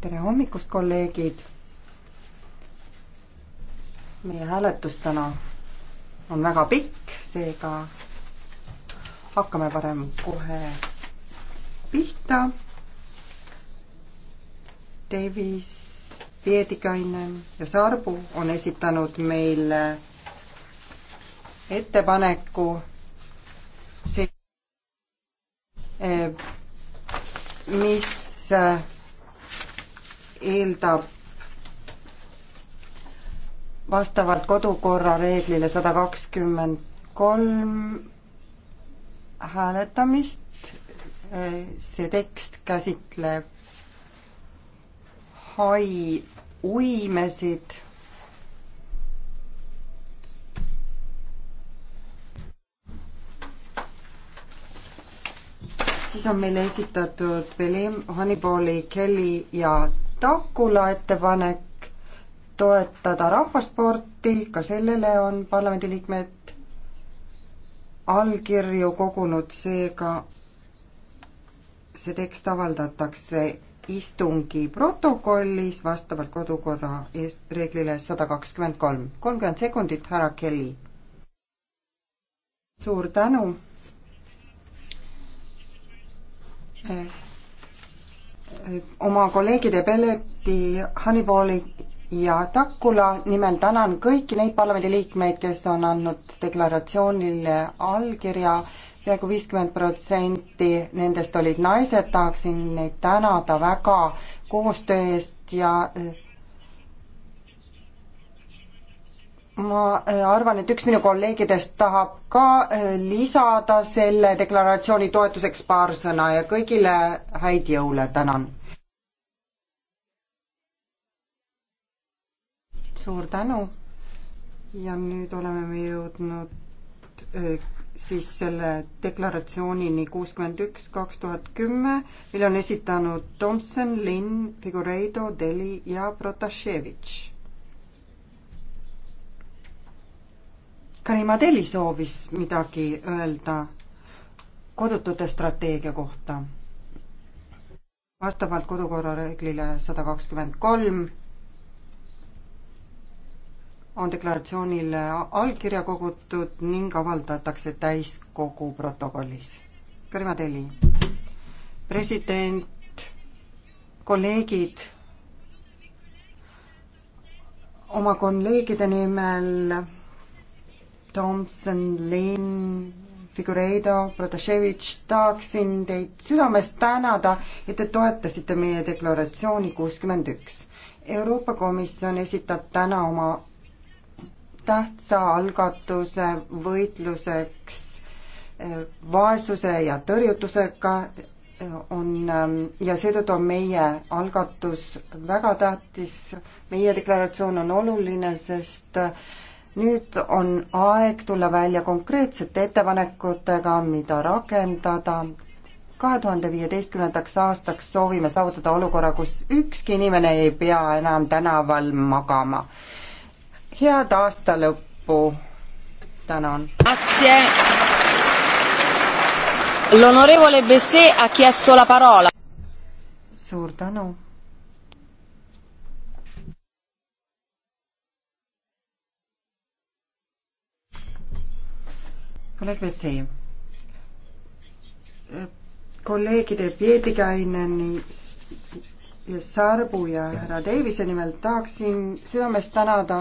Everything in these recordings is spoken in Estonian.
tere hommikust, kolleegid! meie hääletus täna on väga pikk, seega hakkame parem kohe pihta. Davis, Piedikainen ja Sarbu on esitanud meile ettepaneku see, eh, mis eeldab vastavalt kodukorra reeglile sada kakskümmend kolm hääletamist. see tekst käsitleb hai uimesid siis on meile esitatud Belim, Hannibali, Kelly ja Takula ettepanek toetada rahvasporti, ka sellele on parlamendiliikmed allkirju kogunud, seega see tekst avaldatakse istungi protokollis vastavalt kodukorra reeglile sada kakskümmend kolm. kolmkümmend sekundit, härra Kelly. suur tänu oma kolleegide Belleti, Hannibooli ja Takula nimel tänan kõiki neid parlamendiliikmeid, kes on andnud deklaratsioonile allkirja. peaaegu viiskümmend protsenti nendest olid naised, tahaksin neid tänada väga koostöö eest ja ma äh, arvan, et üks minu kolleegidest tahab ka äh, lisada selle deklaratsiooni toetuseks paar sõna ja kõigile häid jõule, tänan. suur tänu. ja nüüd oleme me jõudnud äh, siis selle deklaratsioonini kuuskümmend üks, kaks tuhat kümme, mille on esitanud Tomson, Linn, Figureido, Deli ja Protasevitš Karima Deli soovis midagi öelda kodutute strateegia kohta. vastavalt kodukorra reeglile sada kakskümmend kolm on deklaratsioonile allkirja kogutud ning avaldatakse täiskogu protokollis. Karima Deli, president, kolleegid, oma kolleegide nimel Thompson, Lynn, Figureido, Protasevitš, tahaksin teid südamest tänada, et te toetasite meie deklaratsiooni kuuskümmend üks. Euroopa Komisjon esitab täna oma tähtsa algatuse võitluseks eh, vaesuse ja tõrjutusega eh, on ähm, ja seetõttu on meie algatus väga tähtis, meie deklaratsioon on oluline, sest nüüd on aeg tulla välja konkreetsete ettepanekutega, mida rakendada. kahe tuhande viieteistkümnendaks aastaks soovime saavutada olukorra, kus ükski inimene ei pea enam tänaval magama. head aasta lõppu, tänan. L'onorevole Besset ha chiesto la parola. suur tänu kolleeg Vessi, kolleegide Piebikäineni ja Sarbu ja härra Davise nimel tahaksin südamest tänada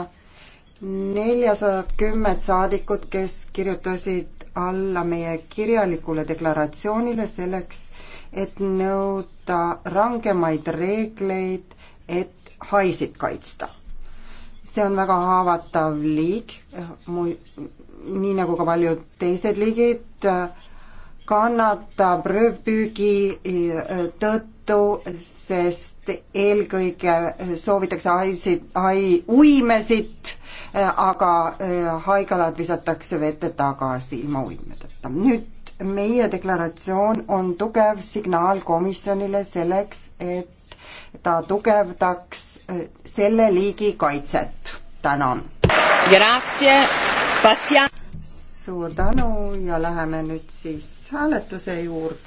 neljasadat kümmet saadikut, kes kirjutasid alla meie kirjalikule deklaratsioonile selleks, et nõuda rangemaid reegleid, et haisid kaitsta. see on väga haavatav liik, mu nii nagu ka paljud teised liigid, kannatab röövpüügi äh, tõttu, sest eelkõige soovitakse haisid, hai uimesid, äh, aga äh, haigalad visatakse vette tagasi ilma uimedeta. nüüd meie deklaratsioon on tugev signaal komisjonile selleks, et ta tugevdaks selle liigi kaitset. tänan. Grazie. Passia- suur tänu ja läheme nüüd siis hääletuse juurde.